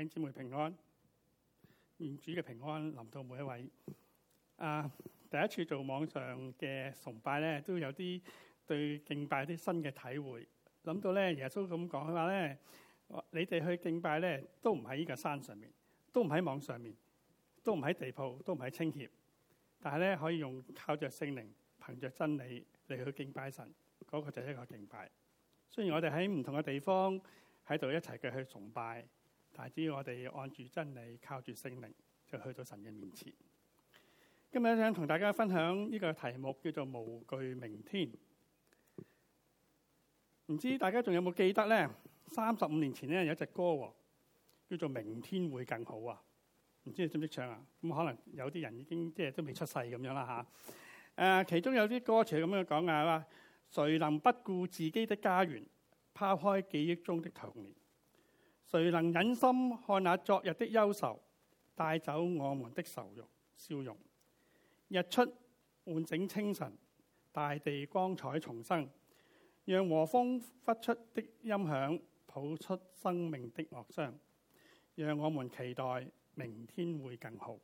弟兄姊妹平安，願主嘅平安臨到每一位。啊，第一次做網上嘅崇拜咧，都有啲對敬拜啲新嘅體會。諗到咧，耶穌咁講，佢話咧，你哋去敬拜咧，都唔喺呢個山上面，都唔喺網上面，都唔喺地鋪，都唔喺清協，但係咧可以用靠着聖靈，憑着真理嚟去敬拜神。嗰、那個就係一個敬拜。雖然我哋喺唔同嘅地方喺度一齊嘅去崇拜。但係只要我哋按住真理，靠住性命，就去到神嘅面前。今日想同大家分享呢個題目叫做無懼明天。唔知大家仲有冇記得咧？三十五年前咧，有一隻歌叫做《明天會更好》啊！唔知道你識唔識唱啊？咁可能有啲人已經即係都未出世咁樣啦吓。誒、啊，其中有啲歌詞咁樣講啊，誰能不顧自己的家園，拋開記憶中的童年？誰能忍心看那昨日的憂愁帶走我們的愁容笑容？日出喚醒清晨，大地光彩重生，讓和風發出的音響，譜出生命的樂章，讓我們期待明天會更好。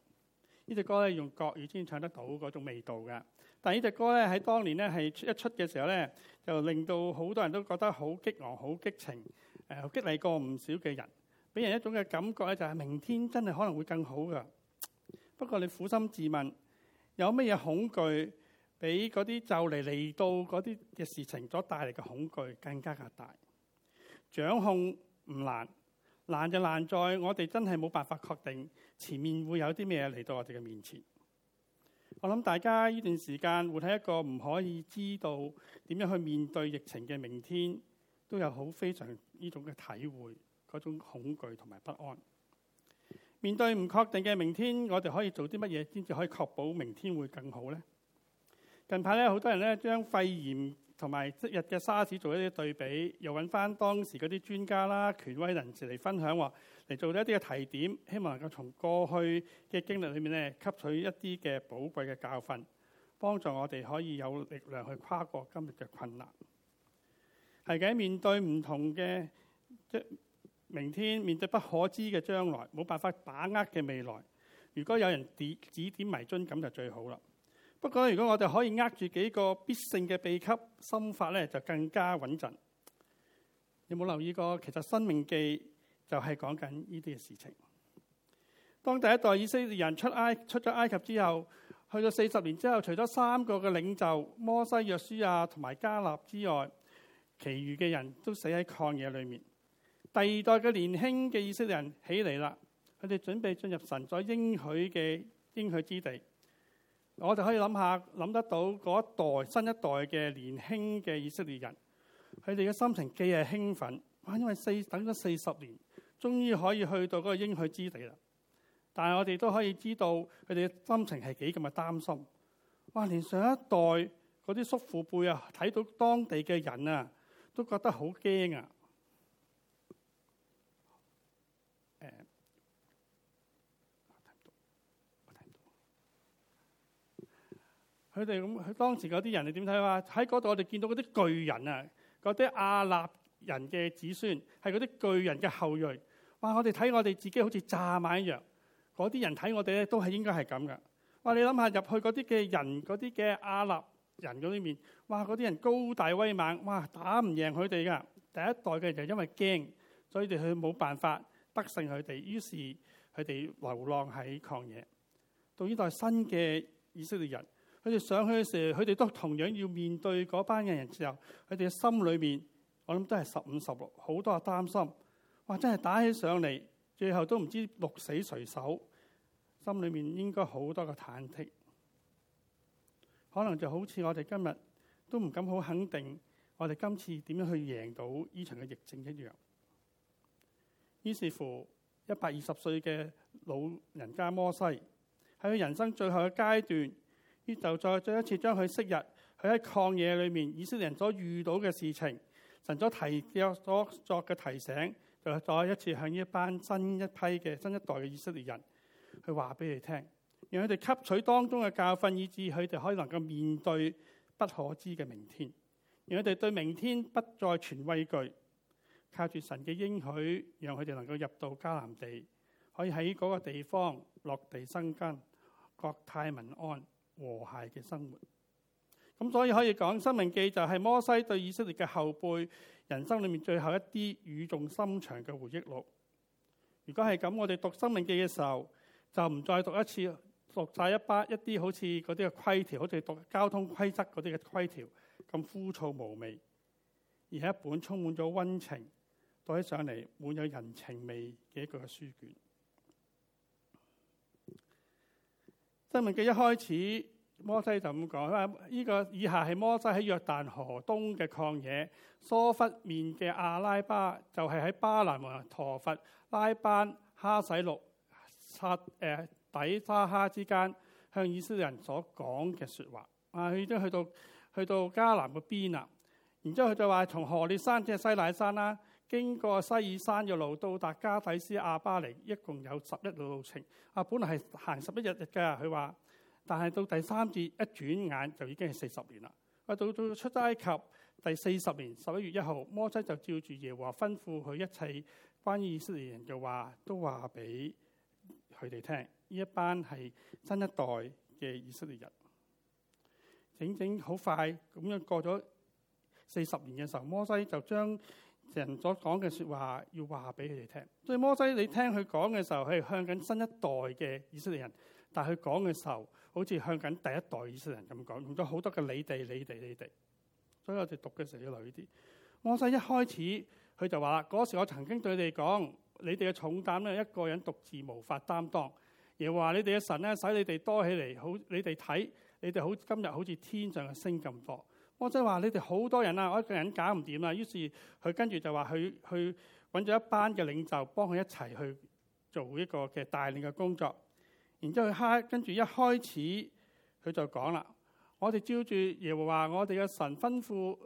這呢隻歌咧用國語先唱得到嗰種味道嘅，但係呢隻歌咧喺當年咧係一出嘅時候咧，就令到好多人都覺得好激昂、好激情，誒、呃、激勵過唔少嘅人，俾人一種嘅感覺咧就係、是、明天真係可能會更好嘅。不過你苦心自問，有咩嘢恐懼，比嗰啲就嚟嚟到嗰啲嘅事情所帶嚟嘅恐懼更加嘅大？掌控唔難，難就難在我哋真係冇辦法確定。前面會有啲咩嚟到我哋嘅面前？我諗大家呢段時間會喺一個唔可以知道點樣去面對疫情嘅明天，都有好非常呢種嘅體會，嗰種恐懼同埋不安。面對唔確定嘅明天，我哋可以做啲乜嘢先至可以確保明天會更好呢？近排咧，好多人咧將肺炎。同埋即日嘅沙士做一啲對比，又揾翻當時嗰啲專家啦、權威人士嚟分享，話嚟做咗一啲嘅提點，希望能夠從過去嘅經歷裏面咧吸取一啲嘅寶貴嘅教訓，幫助我哋可以有力量去跨過今日嘅困難。係嘅，面對唔同嘅即明天，面對不可知嘅將來，冇辦法把握嘅未來，如果有人指指點迷津，咁就最好啦。不過如果我哋可以握住幾個必勝嘅秘笈心法咧，就更加穩陣。有冇留意過？其實《申命記》就係講緊呢啲嘅事情。當第一代以色列人出埃出咗埃及之後，去咗四十年之後，除咗三個嘅領袖摩西、約書亞同埋加納之外，其餘嘅人都死喺曠野裏面。第二代嘅年輕嘅以色列人起嚟啦，佢哋準備進入神所應許嘅應許之地。我哋可以諗下，諗得到嗰一代新一代嘅年輕嘅以色列人，佢哋嘅心情既係興奮，哇！因為四等咗四十年，終於可以去到嗰個應許之地啦。但係我哋都可以知道，佢哋嘅心情係幾咁嘅擔心。哇！連上一代嗰啲叔父輩啊，睇到當地嘅人啊，都覺得好驚啊！佢哋咁，當時嗰啲人你點睇啊？喺嗰度，我哋見到嗰啲巨人啊，嗰啲亞納人嘅子孫係嗰啲巨人嘅後裔。哇！我哋睇我哋自己好似蚱蜢一樣。嗰啲人睇我哋咧，都係應該係咁㗎。哇！你諗下入去嗰啲嘅人，嗰啲嘅亞納人嗰啲面，哇！嗰啲人高大威猛，哇！打唔贏佢哋㗎。第一代嘅人就因為驚，所以佢哋冇辦法得勝佢哋，於是佢哋流浪喺曠野。到呢代新嘅以色列人。佢哋上去嘅時候，佢哋都同樣要面對嗰班嘅人之後。時候，佢哋嘅心裏面，我諗都係十五十六，好多嘅擔心。哇！真係打起上嚟，最後都唔知道鹿死誰手，心裏面應該好多嘅忐忑。可能就好似我哋今日都唔敢好肯定，我哋今次點樣去贏到呢場嘅疫症一樣。於是乎，一百二十歲嘅老人家摩西喺佢人生最後嘅階段。於就再再一次將佢昔日佢喺曠野裏面，以色列人所遇到嘅事情，神所提嘅所作嘅提醒，就再一次向呢一班新一批嘅新一代嘅以色列人去話俾佢哋聽，讓佢哋吸取當中嘅教訓以，以至佢哋可以能夠面對不可知嘅明天，讓佢哋對明天不再存畏懼，靠住神嘅應許，讓佢哋能夠入到迦南地，可以喺嗰個地方落地生根，國泰民安。和諧嘅生活，咁所以可以講，《生命記》就係摩西對以色列嘅後輩人生裏面最後一啲語重心長嘅回憶錄。如果係咁，我哋讀《生命記》嘅時候，就唔再讀一次，讀晒一把一啲好似嗰啲嘅規條，好似讀交通規則嗰啲嘅規條咁枯燥無味，而係一本充滿咗溫情，讀起上嚟滿有人情味嘅一個書卷。申命記一開始，摩西就咁講啦：呢個以下係摩西喺約旦河東嘅曠野，疏忽面嘅阿拉巴，就係、是、喺巴蘭和陀佛、拉班、哈洗錄、撒誒、呃、底沙哈之間，向以色列人所講嘅説話。啊，已經去到去到加南個邊啦，然之後佢就話從何烈山至西奈山啦、啊。經過西爾山嘅路，到達加底斯亞巴尼，一共有十一段路程。啊，本來係行十一日日嘅，佢話，但係到第三節，一轉眼就已經係四十年啦。啊，到到出埃及第四十年十一月一號，摩西就照住耶和華吩咐佢一切關於以色列人嘅話，都話俾佢哋聽。呢一班係新一代嘅以色列人，整整好快咁樣過咗四十年嘅時候，摩西就將人所講嘅説話要話俾佢哋聽。所以摩西你聽佢講嘅時候，係向緊新一代嘅以色列人，但係佢講嘅時候，好似向緊第一代嘅以色列人咁講，用咗好多嘅你哋、你哋、你哋。所以我哋讀嘅時候要留意啲。摩西一開始佢就話：嗰時我曾經對你哋講，你哋嘅重擔咧一個人獨自無法擔當。而話你哋嘅神咧使你哋多起嚟，好你哋睇，你哋好今日好似天上嘅星咁多。我即係話你哋好多人啊，我一個人搞唔掂啊。於是佢跟住就話去去搵咗一班嘅領袖幫佢一齊去做一個嘅實帶領嘅工作。然之後佢開，跟住一開始佢就講啦：我哋照住耶和華我哋嘅神吩咐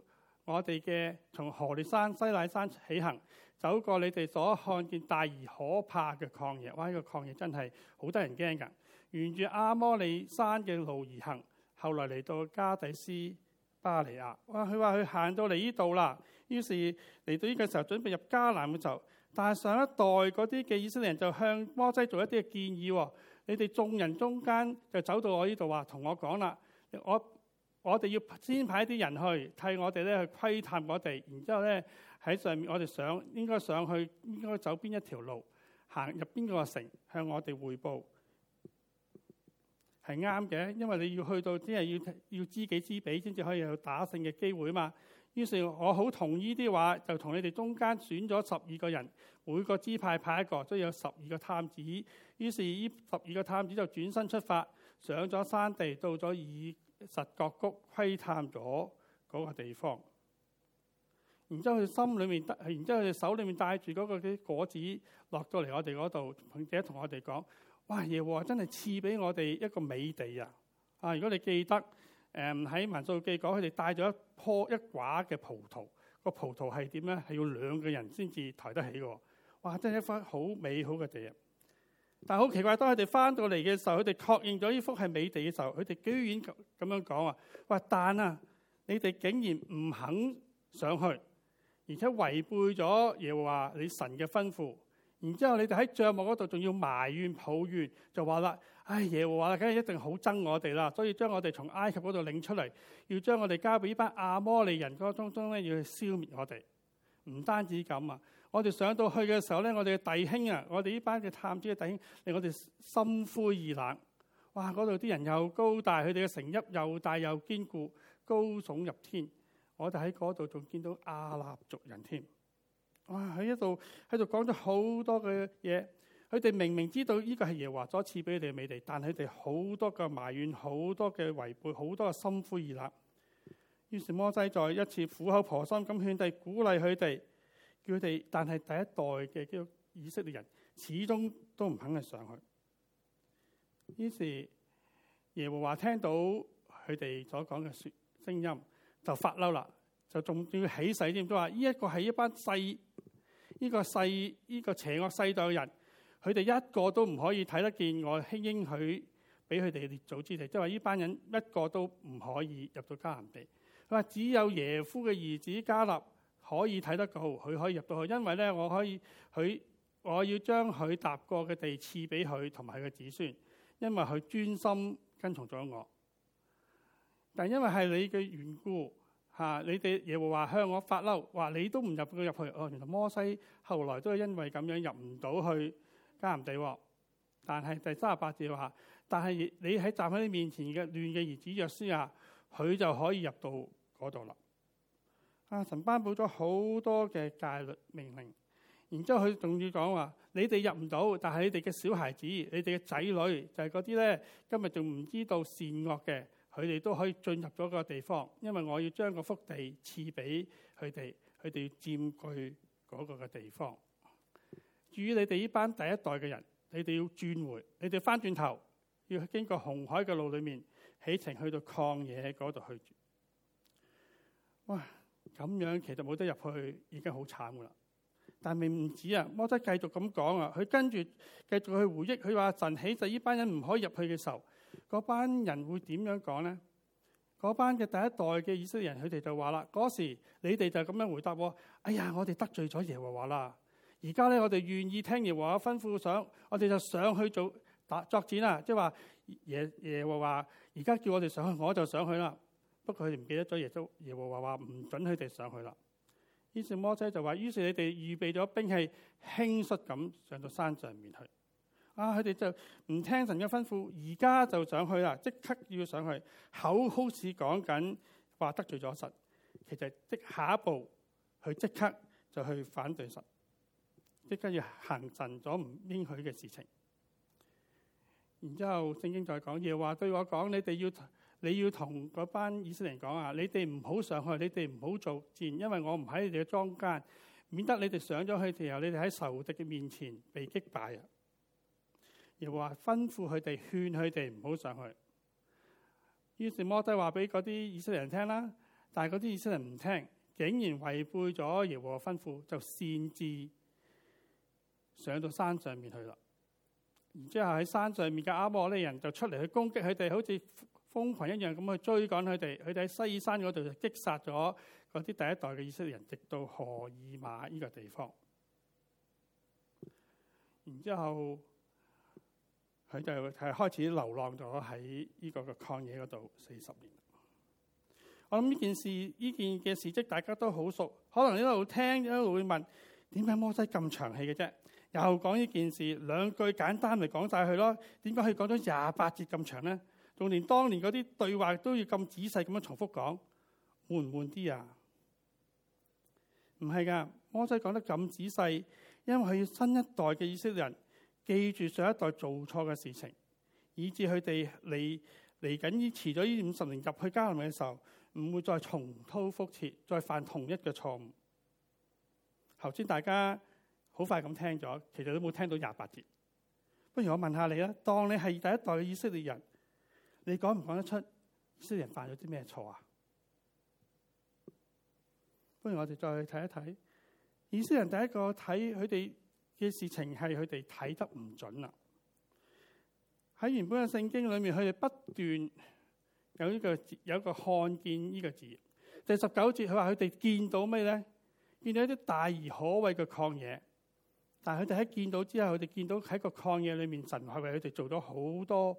我哋嘅，從何烈山西乃山起行，走過你哋所看見大而可怕嘅曠野。哇！呢、這個曠野真係好得人驚噶。沿住阿摩利山嘅路而行，後來嚟到加底斯巴尼亞，哇！佢話佢行到嚟呢度啦，於是嚟到呢個時候準備入迦南嘅時候，但係上一代嗰啲嘅以色列人就向摩西做一啲嘅建議，你哋眾人中間就走到我呢度話同我講啦，我我哋要先派一啲人去替我哋咧去窺探我哋。」然之後咧喺上面我哋想應該上去應該走邊一條路，行入邊個城，向我哋匯報。係啱嘅，因為你要去到即係要要知己知彼先至可以有打勝嘅機會嘛。於是，我好同意啲話就同你哋中間選咗十二個人，每個支派派一個，都有十二個探子。於是，呢十二個探子就轉身出發，上咗山地，到咗以實覺谷窺探咗嗰個地方。然之後佢心裏面帶，然之後佢手裏面帶住嗰個啲果子，落到嚟我哋嗰度，並且同我哋講。哇！耶和華真係賜俾我哋一個美地啊！啊，如果你記得，誒喺民數記講，佢哋帶咗一棵一寡嘅葡萄，個葡萄係點咧？係要兩個人先至抬得起嘅。哇！真係一塊好美好嘅地啊！但係好奇怪，當佢哋翻到嚟嘅時候，佢哋確認咗呢幅係美地嘅時候，佢哋居然咁樣講話、啊：，哇！但啊，你哋竟然唔肯上去，而且違背咗耶和華你神嘅吩咐。然之後，你哋喺帳幕嗰度仲要埋怨抱怨就說，就話啦：，唉，耶和華梗係一定好憎我哋啦，所以將我哋從埃及嗰度領出嚟，要將我哋交俾呢班亞摩利人東東呢，剛剛中中咧要去消滅我哋。唔單止咁啊，我哋上到去嘅時候咧，我哋嘅弟兄啊，我哋呢班嘅探子嘅弟兄，令我哋心灰意冷。哇，嗰度啲人又高大，佢哋嘅城邑又大又堅固，高聳入天。我哋喺嗰度仲見到亞衲族人添。哇！喺一度喺度講咗好多嘅嘢，佢哋明明知道呢個係耶和華所賜俾佢哋美地，但佢哋好多嘅埋怨，好多嘅違背，好多嘅心灰意冷。於是摩西再一次苦口婆心咁勸第，鼓勵佢哋，叫佢哋。但係第一代嘅即係以色列人始終都唔肯去上去。於是耶和華聽到佢哋所講嘅說聲音，就發嬲啦，就仲要起誓添，都話呢一個係一班細。呢個世，呢、這個邪惡世代嘅人，佢哋一個都唔可以睇得見我應許俾佢哋列祖之地，即係話呢班人一個都唔可以入到迦南地。佢話只有耶夫嘅兒子迦勒可以睇得到，佢可以入到去，因為咧我可以，佢我要將佢踏過嘅地賜俾佢同埋佢嘅子孫，因為佢專心跟從咗我。但因為係你嘅緣故。啊！你哋亦會話向我發嬲，話你都唔入到入去。哦，原來摩西後來都係因為咁樣入唔到去迦南地。但係第三十八節話，但係你喺站喺你面前嘅亂嘅兒子約書亞，佢就可以入到嗰度啦。啊！神頒布咗好多嘅戒律命令，然之後佢仲要講話：你哋入唔到，但係你哋嘅小孩子、你哋嘅仔女，就係嗰啲咧，今日仲唔知道善惡嘅。佢哋都可以進入咗個地方，因為我要將個福地賜俾佢哋，佢哋要佔據嗰個嘅地方。至於你哋呢班第一代嘅人，你哋要轉回，你哋翻轉頭要經過紅海嘅路裏面起程去到曠野嗰度去住。哇！咁樣其實冇得入去已經好慘噶啦，但係未唔止啊！摩西繼續咁講啊，佢跟住繼續去回憶，佢話神起就呢班人唔可以入去嘅時候。嗰班人會點樣講咧？嗰班嘅第一代嘅以色列人他說，佢哋就話啦：嗰時你哋就咁樣回答我，哎呀，我哋得罪咗耶和華啦！而家咧，我哋願意聽耶和華吩咐，上我哋就上去做打作戰啦。即係話耶耶和華而家叫我哋上去，我就上去啦。不過佢哋唔記得咗耶都耶和華話唔准佢哋上去啦。於是摩西就話：，於是你哋預備咗兵器，輕率咁上到山上面去。啊！佢哋就唔聽神嘅吩咐，而家就上去啦，即刻要上去。口好似講緊話得罪咗神，其實即下一步佢即刻就去反對神，即刻要行神咗唔應許嘅事情。然之後，聖經再講嘢話對我講，你哋要你要同嗰班以色列人講啊，你哋唔好上去，你哋唔好做戰，因為我唔喺你哋嘅莊間，免得你哋上咗去嘅時候，然後你哋喺仇敵嘅面前被擊敗啊。又話吩咐佢哋，勸佢哋唔好上去。於是摩西話俾嗰啲以色列人聽啦，但係嗰啲以色列人唔聽，竟然違背咗耶和華吩咐，就擅自上到山上面去啦。然之後喺山上面嘅阿摩利人就出嚟去攻擊佢哋，好似瘋狂一樣咁去追趕佢哋。佢哋喺西山嗰度就擊殺咗嗰啲第一代嘅以色列人，直到荷爾馬呢個地方。然之後。佢就係開始流浪咗喺呢個嘅曠野嗰度四十年。我諗呢件事，呢件嘅事蹟大家都好熟，可能一路聽一路會問：點解摩西咁長氣嘅啫？又講呢件事兩句簡單嚟講晒佢咯。點解可以講咗廿八節咁長咧？仲連當年嗰啲對話都要咁仔細咁樣重複講，悶唔悶啲啊？唔係噶，摩西講得咁仔細，因為佢新一代嘅以色列人。記住上一代做錯嘅事情，以致佢哋嚟嚟緊呢遲咗呢五十年入去迦南嘅時候，唔會再重蹈覆轍，再犯同一個錯誤。頭先大家好快咁聽咗，其實都冇聽到廿八節。不如我問下你啦，當你係第一代嘅以色列人，你講唔講得出以色列人犯咗啲咩錯啊？不如我哋再去睇一睇以色列人第一個睇佢哋嘅事情係佢哋睇得唔準啦。喺原本嘅聖經裏面，佢哋不斷有呢個有一個看見呢個字。第十九節佢話：佢哋見到咩咧？見到一啲大而可畏嘅曠野。但係佢哋喺見到之後，佢哋見到喺個曠野裏面，神係為佢哋做咗好多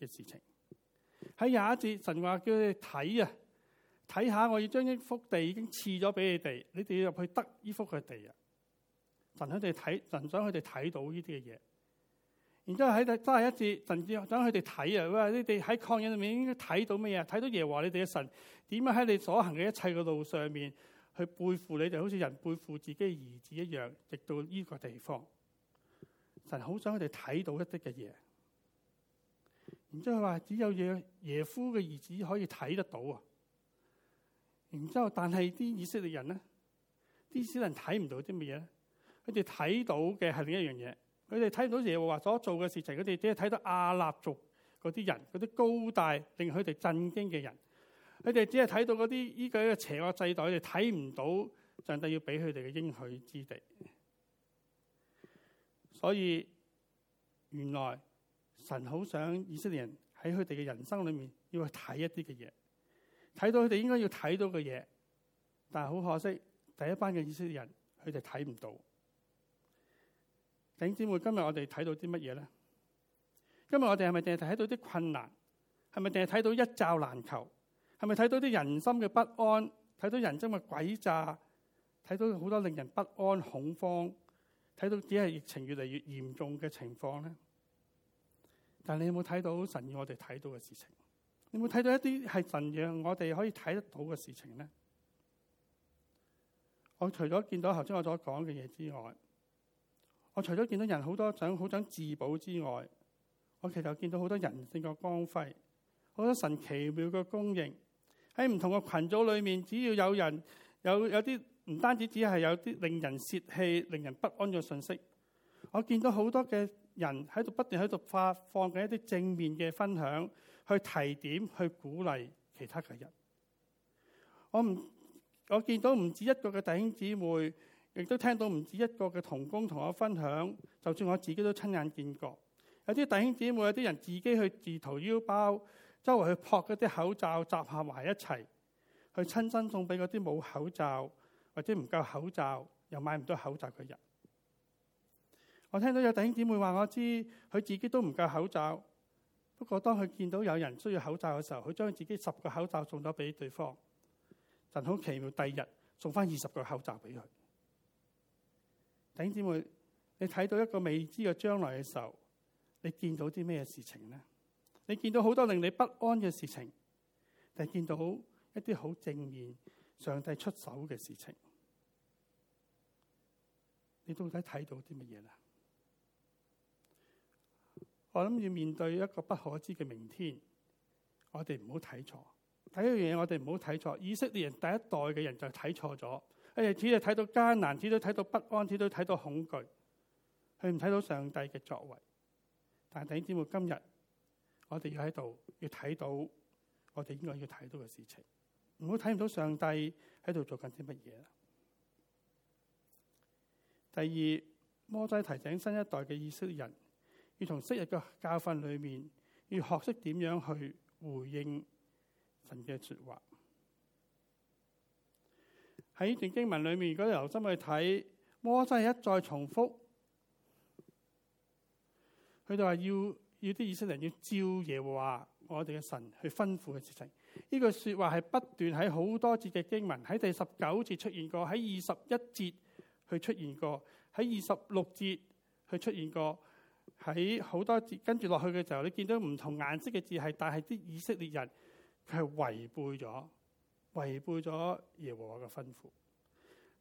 嘅事情。喺廿一節，神話叫佢哋睇啊，睇下我要將一幅地已經賜咗俾你哋，你哋要入去得依幅嘅地啊。神想佢哋睇，神想佢哋睇到呢啲嘅嘢。然之後喺第卅一節，神只想佢哋睇啊！哇！你哋喺曠野裏面應該睇到咩啊？睇到耶華你哋嘅神點樣喺你所行嘅一切嘅路上面去背負你哋，好似人背負自己嘅兒子一樣，直到呢個地方。神好想佢哋睇到一啲嘅嘢。然之後話只有耶耶夫嘅兒子可以睇得到啊。然之後，但係啲以色列人咧，啲小人睇唔到啲咩嘢咧？佢哋睇到嘅係另一樣嘢。佢哋睇唔到耶和華所做嘅事情，佢哋只係睇到亞納族嗰啲人，嗰啲高大令佢哋震驚嘅人。佢哋只係睇到嗰啲依一個邪惡制度，佢哋睇唔到上帝要俾佢哋嘅應許之地。所以原來神好想以色列人喺佢哋嘅人生裏面要去睇一啲嘅嘢，睇到佢哋應該要睇到嘅嘢，但係好可惜，第一班嘅以色列人佢哋睇唔到。弟兄姊妹，今日我哋睇到啲乜嘢咧？今日我哋係咪淨係睇到啲困難？係咪淨係睇到一罩難求？係咪睇到啲人心嘅不安？睇到人心嘅詭詐？睇到好多令人不安、恐慌？睇到只係疫情越嚟越嚴重嘅情況咧？但係你有冇睇到神要我哋睇到嘅事情？你有冇睇到一啲係神要我哋可以睇得到嘅事情咧？我除咗見到頭先我所講嘅嘢之外。我除咗見到人好多想好想自保之外，我其實見到好多人性嘅光輝，好多神奇妙嘅供應。喺唔同嘅群組裏面，只要有人有有啲唔單止只係有啲令人洩氣、令人不安嘅信息，我見到好多嘅人喺度不斷喺度發放緊一啲正面嘅分享，去提點、去鼓勵其他嘅人。我唔，我見到唔止一個嘅弟兄姊妹，亦都聽到唔止一個嘅同工同我分享，就算我自己都親眼見過。有啲弟兄姊妹，有啲人自己去自掏腰包，周圍去撲嗰啲口罩，集合埋一齊去親身送俾嗰啲冇口罩或者唔夠口罩又買唔到口罩嘅人。我聽到有弟兄姊妹話我知，佢自己都唔夠口罩。不過當佢見到有人需要口罩嘅時候，佢將自己十個口罩送咗俾對方，但好奇妙，第二日送翻二十個口罩俾佢。弟兄姐妹，你睇到一個未知嘅將來嘅時候，你見到啲咩事情呢？你見到好多令你不安嘅事情，定係見到一啲好正面上帝出手嘅事情，你到底睇到啲乜嘢啦？我諗要面對一個不可知嘅明天，我哋唔好睇錯。第一樣嘢，我哋唔好睇錯。以色列人第一代嘅人就睇錯咗。佢哋只係睇到艱難，只都睇到不安，只都睇到恐懼。佢唔睇到上帝嘅作為。但係弟兄姊妹，今日我哋要喺度要睇到，我哋應該要睇到嘅事情，唔好睇唔到上帝喺度做緊啲乜嘢。第二，摩西提醒新一代嘅以色列人，要從昔日嘅教訓裏面，要學識點樣去回應神嘅說話。喺段經文裏面，如果留心去睇，摩西一再重複，佢就話要要啲以色列人要照耶和華我哋嘅神去吩咐嘅事情。呢句說話係不斷喺好多節嘅經文，喺第十九節出現過，喺二十一節去出現過，喺二十六節去出現過，喺好多節跟住落去嘅時候，你見到唔同顏色嘅字係，但係啲以色列人佢係違背咗，違背咗耶和華嘅吩咐，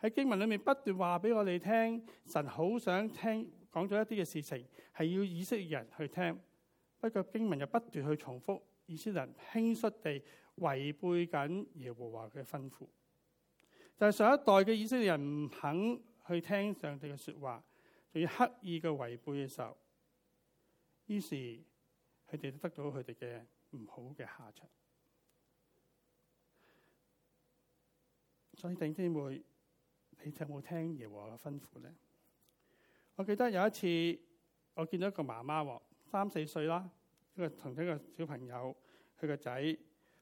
喺經文裏面不斷話俾我哋聽，神好想聽，講咗一啲嘅事情係要以色列人去聽，不過經文又不斷去重複以色列人輕率地違背緊耶和華嘅吩咐，就係上一代嘅以色列人唔肯去聽上帝嘅說話，仲要刻意嘅違背嘅時候，於是佢哋都得到佢哋嘅唔好嘅下場。所以，頂天妹，你有冇聽耶和華嘅吩咐咧？我記得有一次，我見到一個媽媽喎，三四歲啦，一個同啲個小朋友，佢個仔，佢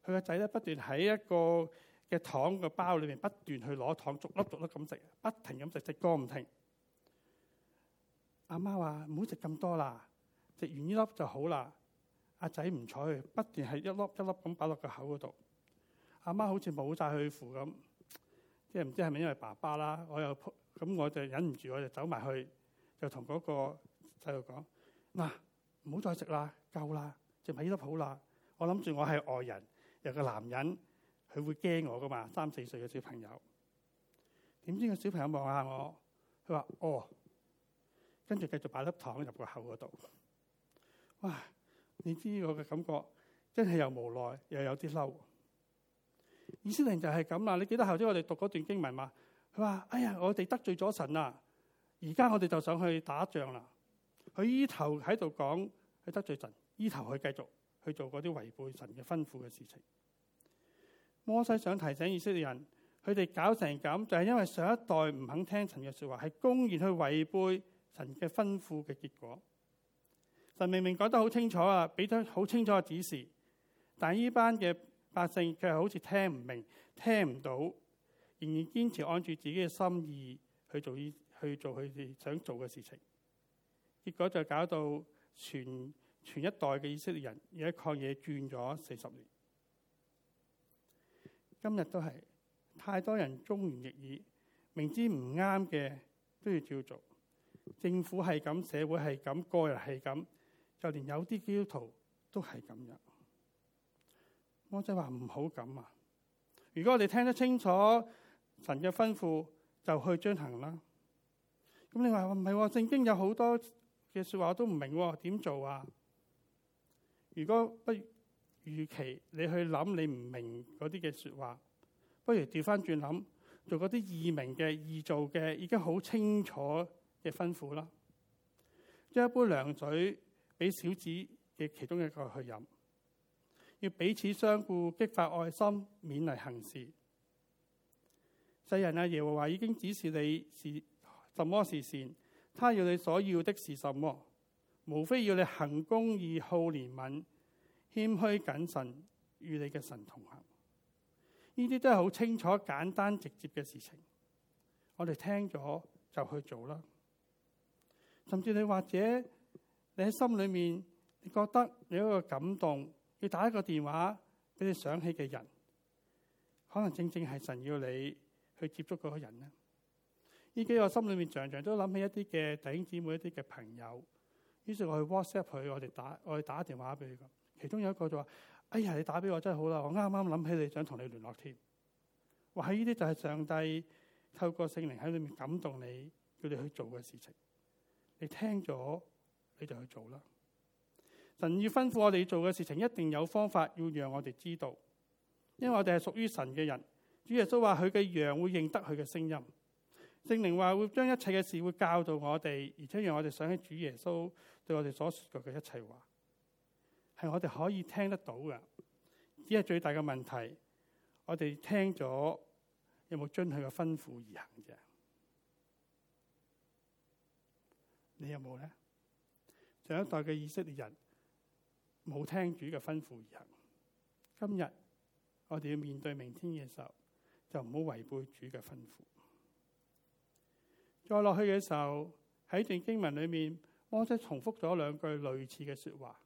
個仔咧不斷喺一個嘅糖嘅包裏面，不斷去攞糖，逐粒逐粒咁食，不停咁食，食個唔停。阿媽話：唔好食咁多啦，食完呢粒就好啦。阿仔唔睬，不斷係一粒一粒咁擺落個口嗰度。阿媽，媽好似冇晒去扶咁。即係唔知係咪因為爸爸啦，我又咁我就忍唔住，我就走埋去，就同嗰個細路講：嗱、啊，唔好再食啦，夠啦，淨係呢粒好啦。我諗住我係外人，有個男人，佢會驚我噶嘛？三四歲嘅小朋友，點知個小朋友望下我，佢話：哦，跟住繼續擺粒糖入個口嗰度。哇！你知我嘅感覺，真係又無奈又有啲嬲。以色列人就係咁啦，你記得頭先我哋讀嗰段經文嘛？佢話：哎呀，我哋得罪咗神啊！而家我哋就上去打仗啦。佢依頭喺度講佢得罪神，依頭去繼續去做嗰啲違背神嘅吩咐嘅事情。摩西想提醒以色列人，佢哋搞成咁就係、是、因為上一代唔肯聽神嘅說話，係公然去違背神嘅吩咐嘅結果。神明明講得好清楚啊，俾咗好清楚嘅指示，但係呢班嘅。百姓佢係好似聽唔明、聽唔到，仍然堅持按住自己嘅心意去做，去做佢哋想做嘅事情。結果就搞到全全一代嘅以色列人而喺曠野轉咗四十年。今日都係太多人忠言逆耳，明知唔啱嘅都要照做。政府係咁，社會係咁，個人係咁，就連有啲基督徒都係咁樣。我即係話唔好咁啊！如果我哋聽得清楚神嘅吩咐，就去遵行啦。咁你話唔係聖經有好多嘅說話，我都唔明點、啊、做啊？如果不如，如期你去諗，你唔明嗰啲嘅說話，不如調翻轉諗，做嗰啲易明嘅、易做嘅，已經好清楚嘅吩咐啦。將一杯涼水俾小子嘅其中一個去飲。要彼此相顧，激發愛心，勉勵行事。世人啊，耶和華已經指示你是什麼事善，他要你所要的是什麼？無非要你行公義、好憐憫、謙虛、謹慎，與你嘅神同行。呢啲都係好清楚、簡單、直接嘅事情。我哋聽咗就去做啦。甚至你或者你喺心裏面，你覺得有一個感動。要打一個電話俾你想起嘅人，可能正正係神要你去接觸嗰個人呢。依家，我心裏面常常都諗起一啲嘅弟兄姊妹、一啲嘅朋友，於是我去 WhatsApp 佢，我哋打我哋打電話俾佢。其中有一個就話：哎呀，你打俾我真係好啦，我啱啱諗起你想同你聯絡添。話喺呢啲就係上帝透過聖靈喺裏面感動你，叫你去做嘅事情，你聽咗你就去做啦。神要吩咐我哋做嘅事情，一定有方法要讓我哋知道，因為我哋係屬於神嘅人。主耶穌話佢嘅羊會認得佢嘅聲音，聖靈話會將一切嘅事會教導我哋，而且讓我哋想起主耶穌對我哋所說過嘅一切話，係我哋可以聽得到嘅。只係最大嘅問題，我哋聽咗有冇遵佢嘅吩咐而行啫？你有冇咧？上一代嘅以色列人？冇聽主嘅吩咐而行。今日我哋要面對明天嘅時候，就唔好違背主嘅吩咐。再落去嘅時候喺段經文裏面，安息重複咗兩句類似嘅說話。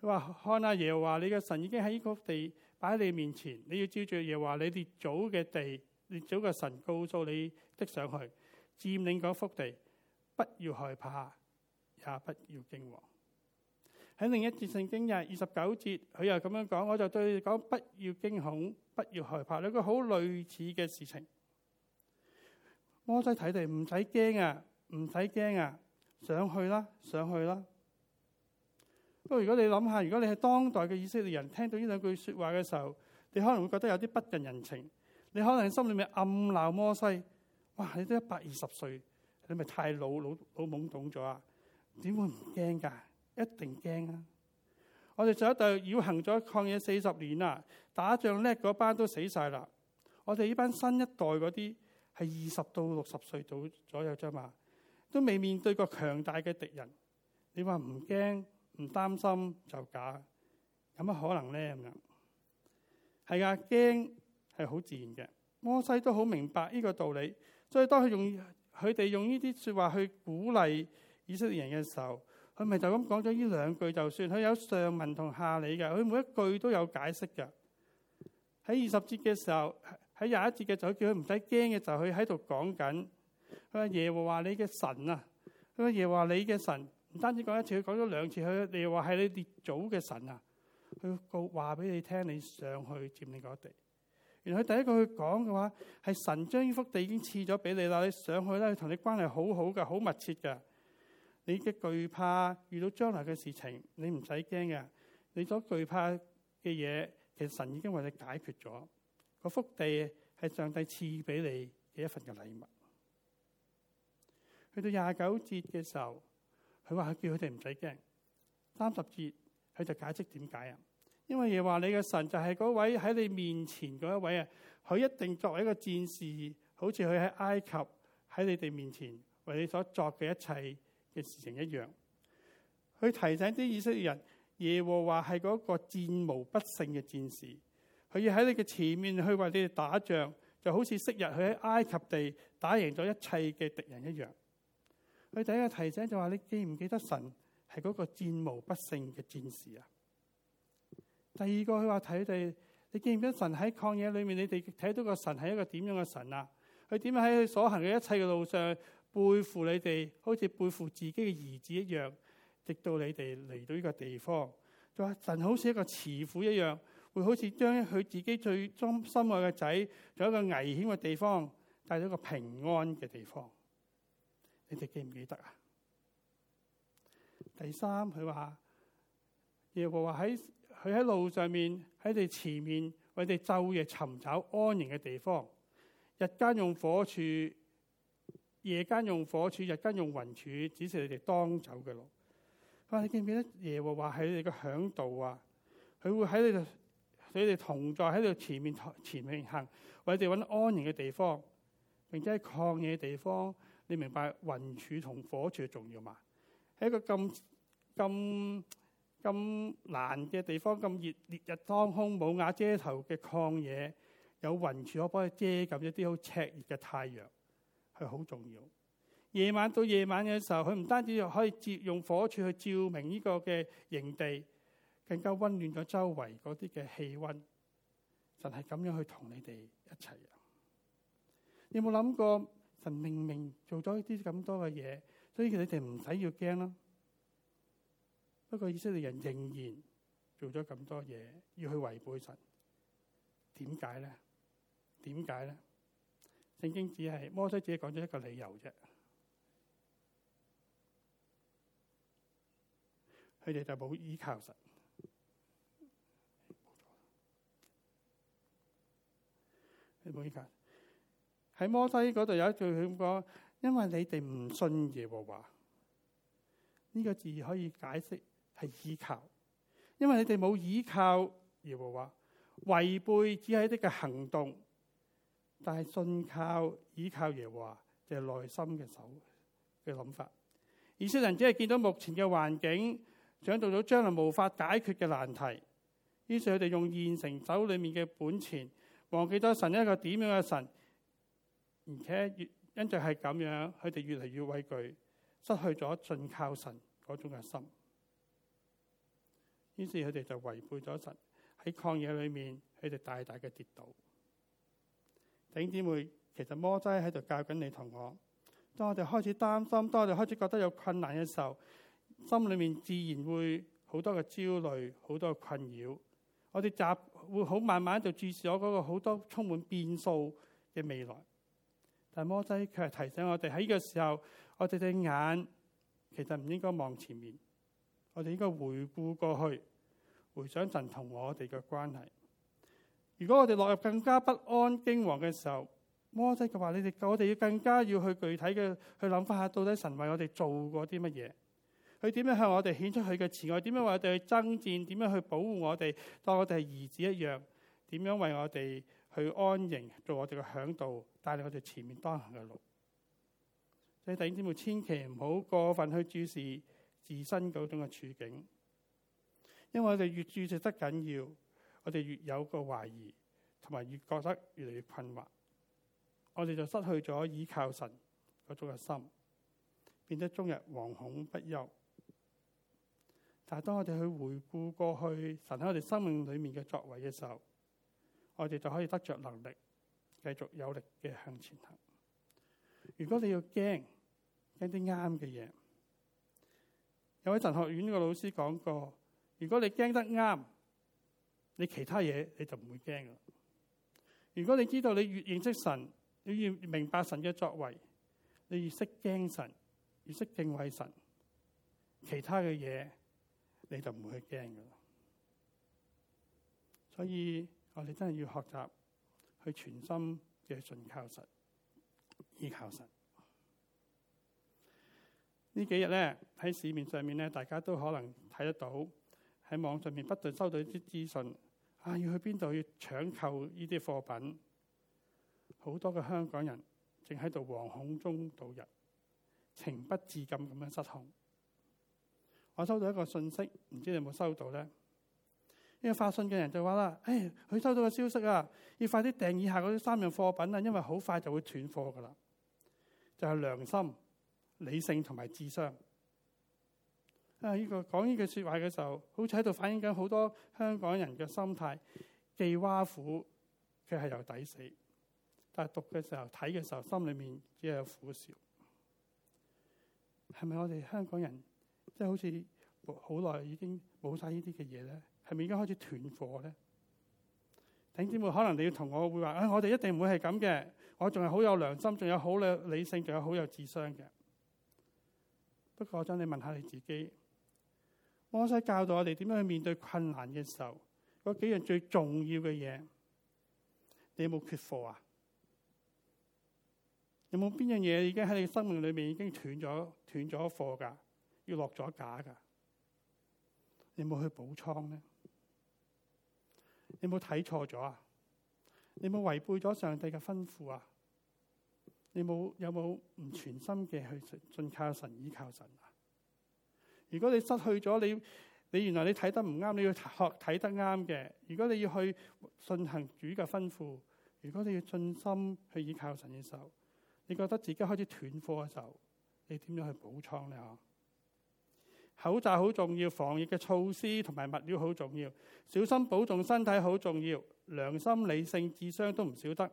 佢話，看阿、啊、耶和華你嘅神已經喺呢個地擺喺你面前，你要照住耶和華你的列祖嘅地，列祖嘅神告訴你的上去佔領嗰幅地，不要害怕，也不要驚惶。喺另一節聖經日二十九節，佢又咁樣講，我就對你講：不要驚恐，不要害怕。呢個好類似嘅事情。摩西睇地，唔使驚啊，唔使驚啊，上去啦，上去啦。不過如果你諗下，如果你係當代嘅以色列人，聽到呢兩句説話嘅時候，你可能會覺得有啲不近人，人情。你可能心裏面暗鬧摩西：哇！你都一百二十歲，你咪太老老老懵懂咗啊？點會唔驚㗎？一定驚啊！我哋上一代繞行咗曠野四十年啦，打仗叻嗰班都死晒啦。我哋呢班新一代嗰啲係二十到六十歲到左右啫嘛，都未面對過強大嘅敵人。你話唔驚唔擔心就假，有乜可能呢？咁樣係啊，驚係好自然嘅。摩西都好明白呢個道理，所以當佢用佢哋用呢啲説話去鼓勵以色列人嘅時候。佢咪就咁講咗呢兩句就算，佢有上文同下理嘅，佢每一句都有解釋嘅。喺二十節嘅時候，喺廿一節嘅就叫佢唔使驚嘅，就佢喺度講緊。佢話耶和華你嘅神啊，佢話耶和華你嘅神唔單止講一次，佢講咗兩次。佢哋話係你列祖嘅神啊，佢告話俾你聽，你上去佔你嗰地。原來佢第一句講嘅話係神將呢幅地已經賜咗俾你啦，你上去啦，同你關係好好噶，好密切噶。你嘅懼怕遇到將來嘅事情，你唔使驚嘅。你所懼怕嘅嘢，其實神已經為你解決咗。個福地係上帝賜俾你嘅一份嘅禮物。去到廿九節嘅時候，佢話叫佢哋唔使驚。三十節佢就解釋點解啊？因為耶和華你嘅神就係嗰位喺你面前嗰一位啊，佢一定作為一個戰士，好似佢喺埃及喺你哋面前為你所作嘅一切。嘅事情一樣，去提醒啲以色列人，耶和華係嗰個戰無不勝嘅戰士，佢要喺你嘅前面去為你哋打仗，就好似昔日佢喺埃及地打贏咗一切嘅敵人一樣。佢第一個提醒就話：你記唔記得神係嗰個戰無不勝嘅戰士啊？第二個佢話：睇地，你記唔記得神喺曠野裏面，你哋睇到個神係一個點樣嘅神啊？佢點樣喺佢所行嘅一切嘅路上？背負你哋，好似背負自己嘅兒子一樣，直到你哋嚟到呢個地方。就話神好似一個慈父一樣，會好似將佢自己最忠心愛嘅仔，在一個危險嘅地方，帶到一個平安嘅地方。你哋記唔記得啊？第三，佢話耶和華喺佢喺路上面喺你前面為你晝夜尋找安寧嘅地方，日間用火柱。夜間用火柱，日間用雲柱，指示你哋當走嘅路。啊，你記唔記得耶和華喺你哋個響度啊？佢會喺你哋，你哋同在喺度前面前面行，為哋揾安營嘅地方，並且喺曠野嘅地方。你明白雲柱同火柱嘅重要嘛？喺一個咁咁咁難嘅地方，咁熱烈日當空，冇瓦遮頭嘅曠野，有雲柱可幫佢遮緊一啲好赤熱嘅太陽。係好重要。夜晚到夜晚嘅時候，佢唔單止又可以接用火柱去照明呢個嘅營地，更加温暖咗周圍嗰啲嘅氣溫。神係咁樣去同你哋一齊啊！你有冇諗過？神明明做咗一啲咁多嘅嘢，所以佢哋唔使要驚咯。不過以色列人仍然做咗咁多嘢要去違背神，點解咧？點解咧？聖經只係摩西自己講咗一個理由啫，佢哋就冇依靠神。冇依靠。喺摩西嗰度有一句佢咁講：因為你哋唔信耶和華，呢個字可以解釋係依靠。因為你哋冇依靠耶和華，違背只係一個行動。但係信靠倚靠，耶華就係、是、內心嘅手嘅諗法。以色列人只係見到目前嘅環境，想到咗將來無法解決嘅難題，於是佢哋用現成手裏面嘅本錢，忘記咗神一個點樣嘅神，而且越因就係咁樣，佢哋越嚟越畏懼，失去咗信靠神嗰種嘅心，於是佢哋就違背咗神。喺曠野裏面，佢哋大大嘅跌倒。弟兄姊妹，其實摩西喺度教緊你同我。當我哋開始擔心，當我哋開始覺得有困難嘅時候，心裏面自然會好多嘅焦慮，好多嘅困擾。我哋就會好慢慢就注視咗嗰個好多充滿變數嘅未來。但摩西佢係提醒我哋喺呢個時候，我哋隻眼其實唔應該望前面，我哋應該回顧過去，回想神同我哋嘅關係。如果我哋落入更加不安驚惶嘅時候，摩西就話：你哋我哋要更加要去具體嘅去諗翻下，到底神為我哋做過啲乜嘢？佢點樣向我哋顯出佢嘅慈愛？點樣為我哋去爭戰？點樣去保護我哋？當我哋係兒子一樣？點樣為我哋去安營？做我哋嘅嚮導，帶領我哋前面當行嘅路？所以弟兄姊妹，千祈唔好過分去注視自身嗰種嘅處境，因為我哋越注視得緊要，我哋越有個懷疑，同埋越覺得越嚟越困惑，我哋就失去咗依靠神嗰種嘅心，變得終日惶恐不休。但係當我哋去回顧過去神喺我哋生命裏面嘅作為嘅時候，我哋就可以得着能力，繼續有力嘅向前行。如果你要驚，驚啲啱嘅嘢，有位神學院嘅老師講過，如果你驚得啱。你其他嘢你就唔會驚噶如果你知道你越認識神，你越明白神嘅作為，你越識驚神，越識敬畏神，其他嘅嘢你就唔會驚噶啦所以我哋真係要學習去全心嘅信靠神，依靠神。呢幾日咧，喺市面上面咧，大家都可能睇得到喺網上面不斷收到一啲資訊。啊！要去邊度要搶購呢啲貨品？好多嘅香港人正喺度惶恐中度日，情不自禁咁樣失控。我收到一個信息，唔知你有冇收到呢？因為發信嘅人就話啦：誒，佢收到個消息啊，要快啲訂以下嗰啲三樣貨品啊，因為好快就會斷貨噶啦。就係良心、理性同埋智商。啊！呢、這個講呢句説話嘅時候，好似喺度反映緊好多香港人嘅心態，既挖苦，佢係由抵死。但係讀嘅時候、睇嘅時候，心裡面只係有苦笑。係咪我哋香港人即係、就是、好似好耐已經冇晒呢啲嘅嘢咧？係咪已經開始斷貨咧？頂點會可能你要同我會話：，啊，我哋一定唔會係咁嘅。我仲係好有良心，仲有好有理性，仲有好有智商嘅。不過，我想你問下你自己。摩西教導我哋點樣去面對困難嘅時候，嗰幾樣最重要嘅嘢，你有冇缺貨啊？有冇邊樣嘢已經喺你嘅生命裏面已經斷咗斷咗貨噶，要落咗架噶？你冇去補倉呢？你冇睇錯咗啊？你冇違背咗上帝嘅吩咐啊？你冇有冇唔全心嘅去信信靠神、依靠神啊？如果你失去咗你，你原來你睇得唔啱，你要學睇得啱嘅。如果你要去順行主嘅吩咐，如果你要盡心去依靠神嘅手，你覺得自己開始斷貨嘅時候，你點樣去補倉呢？口罩好重要，防疫嘅措施同埋物料好重要，小心保重身體好重要，良心、理性、智商都唔少得。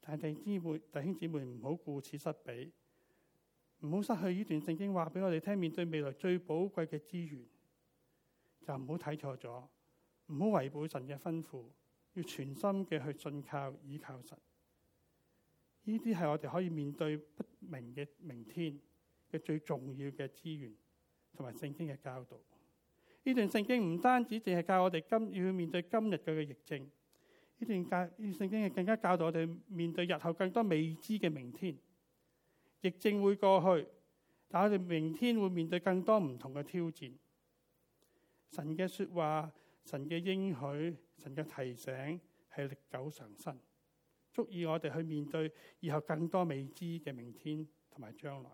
但弟兄姊妹，弟兄姊妹唔好顧此失彼。唔好失去呢段聖經話俾我哋聽，面對未來最寶貴嘅資源，就唔好睇錯咗，唔好違背神嘅吩咐，要全心嘅去信靠倚靠神。呢啲係我哋可以面對不明嘅明天嘅最重要嘅資源，同埋聖經嘅教導。呢段聖經唔單止淨係教我哋今要去面對今日嘅嘅疫症，呢段教聖經係更加教導我哋面對日後更多未知嘅明天。疫症會過去，但我哋明天會面對更多唔同嘅挑戰。神嘅說話、神嘅應許、神嘅提醒係歷久常新，足以我哋去面對以後更多未知嘅明天同埋將來。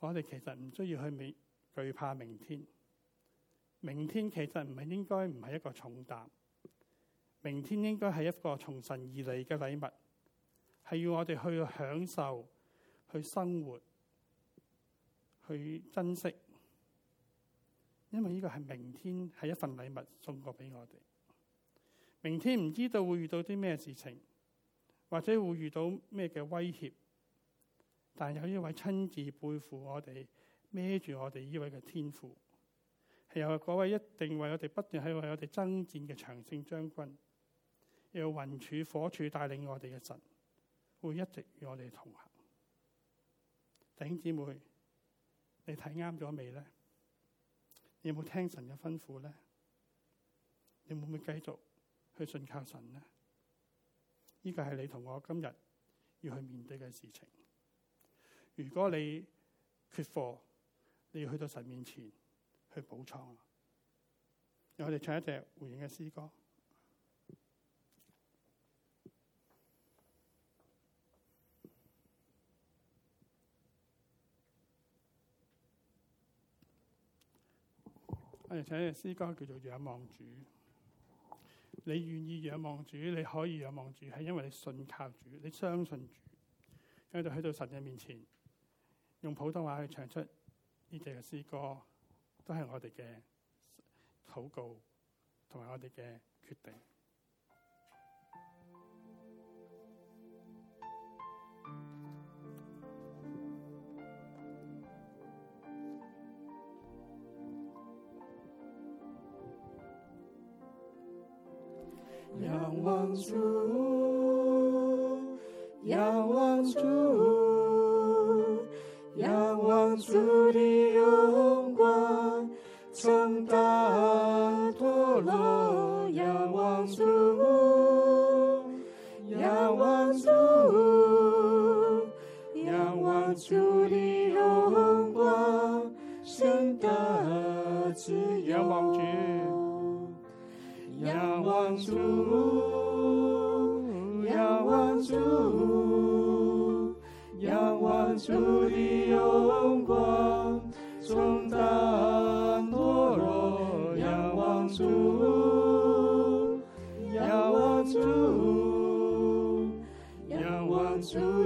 我哋其實唔需要去畏懼怕明天，明天其實唔係應該唔係一個重擔，明天應該係一個從神而嚟嘅禮物。係要我哋去享受、去生活、去珍惜，因為呢個係明天係一份禮物送過俾我哋。明天唔知道會遇到啲咩事情，或者會遇到咩嘅威脅，但有呢位親自背負我哋，孭住我哋，呢位嘅天父，係有嗰位一定為我哋不斷係為我哋爭戰嘅長勝將軍，又有雲柱、火柱帶領我哋嘅神。會一直與我哋同行，弟兄姊妹，你睇啱咗未咧？你有冇聽神嘅吩咐咧？你會唔會繼續去信靠神咧？呢個係你同我今日要去面對嘅事情。如果你缺貨，你要去到神面前去補倉。讓我哋唱一隻回應嘅詩歌。我哋請嘅詩歌叫做仰望主，你願意仰望主，你可以仰望主，係因為你信靠主，你相信主，跟住去到神嘅面前，用普通話去唱出呢隻嘅詩歌，都係我哋嘅禱告，同埋我哋嘅決定。仰望主，仰望主，仰望主的榮光，重擔脫落。仰望主，仰望主，仰望主的榮光，重得自由。仰望主。仰望主，仰望主，仰望主的榮光，重擔脫落。仰望主，仰望主，仰望主。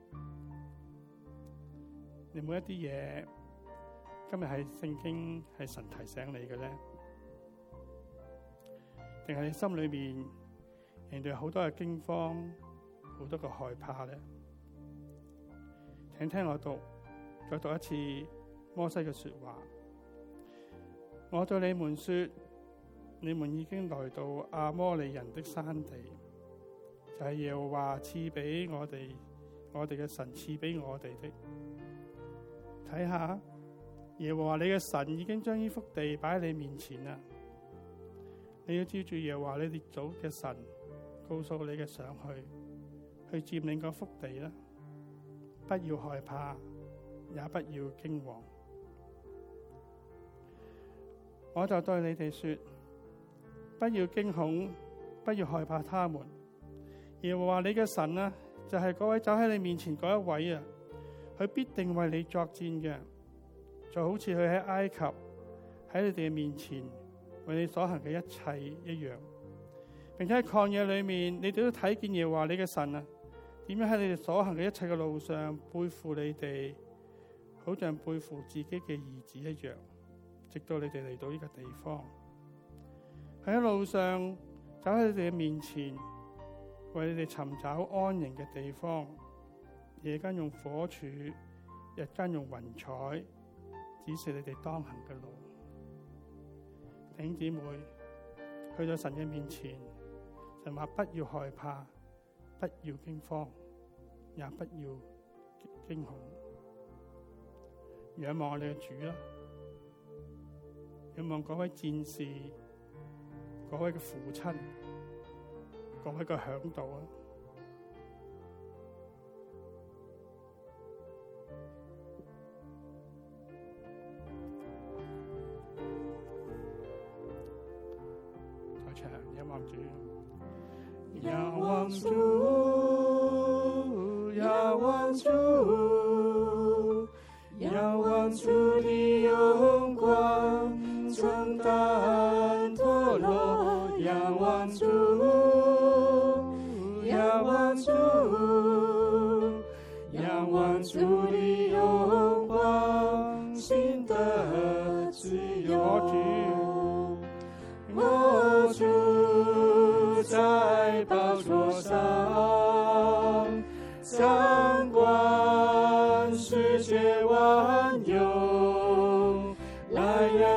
你每一啲嘢，今日喺聖經係神提醒你嘅咧，定係你心裏面面對好多嘅驚慌，好多嘅害怕咧？請聽我讀，再讀一次摩西嘅說話。我對你們說，你們已經來到阿摩利人的山地，就係耶和華賜俾我哋，我哋嘅神賜俾我哋的。睇下，耶和華你嘅神已經將呢幅地擺喺你面前啦。你要照住，耶和華你列祖嘅神告訴你嘅上去，去佔領嗰幅地啦，不要害怕，也不要驚惶。我就對你哋說，不要驚恐，不要害怕他們。耶和華你嘅神啊，就係嗰位走喺你面前嗰一位啊。佢必定為你作戰嘅，就好似佢喺埃及喺你哋嘅面前為你所行嘅一切一樣，並且喺曠野裏面，你哋都睇見耶華，你嘅神啊，點樣喺你哋所行嘅一切嘅路上背負你哋，好像背負自己嘅兒子一樣，直到你哋嚟到呢個地方，喺路上走喺你哋嘅面前，為你哋尋找安寧嘅地方。夜間用火柱，日間用雲彩，指示你哋當行嘅路。弟兄姊妹，去咗神嘅面前，神話不要害怕，不要驚慌，也不要驚恐，仰望我哋嘅主啦，啊，仰望各位戰士，各位嘅父親，各位嘅響度啊！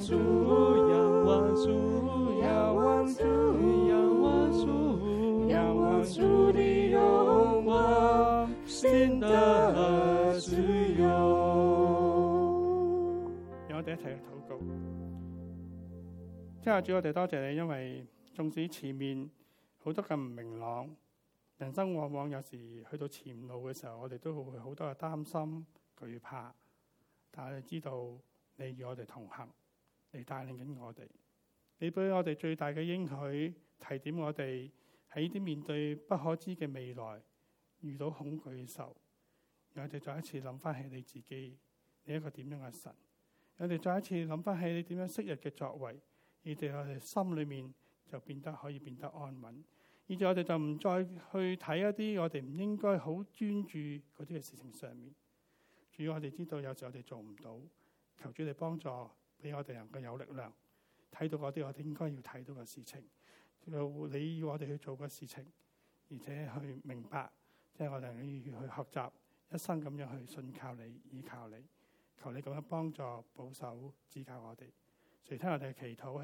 主，仰望主，仰望主，仰望主，仰望主的榮光，心的自由。由我哋一齊去禱告。親愛的主，我哋多謝你，因為縱使前面好多咁唔明朗，人生往往有時去到前路嘅時候，我哋都會好多嘅擔心、懼怕，但係你知道你與我哋同行。嚟帶領緊我哋，你俾我哋最大嘅應許，提點我哋喺呢啲面對不可知嘅未來，遇到恐懼嘅時候，讓我哋再一次諗翻起你自己，你一個點樣嘅神？讓我哋再一次諗翻起你點樣昔日嘅作為，而就我哋心裏面就變得可以變得安穩，以至我哋就唔再去睇一啲我哋唔應該好專注嗰啲嘅事情上面。主要我哋知道，有時我哋做唔到，求主你幫助。俾我哋更加有力量，睇到我哋我哋應該要睇到嘅事情，有你要我哋去做嘅事情，而且去明白，即係我哋要要去學習一生咁樣去信靠你，依靠你，求你咁樣幫助保守指教我哋。最聽我哋嘅祈禱。係。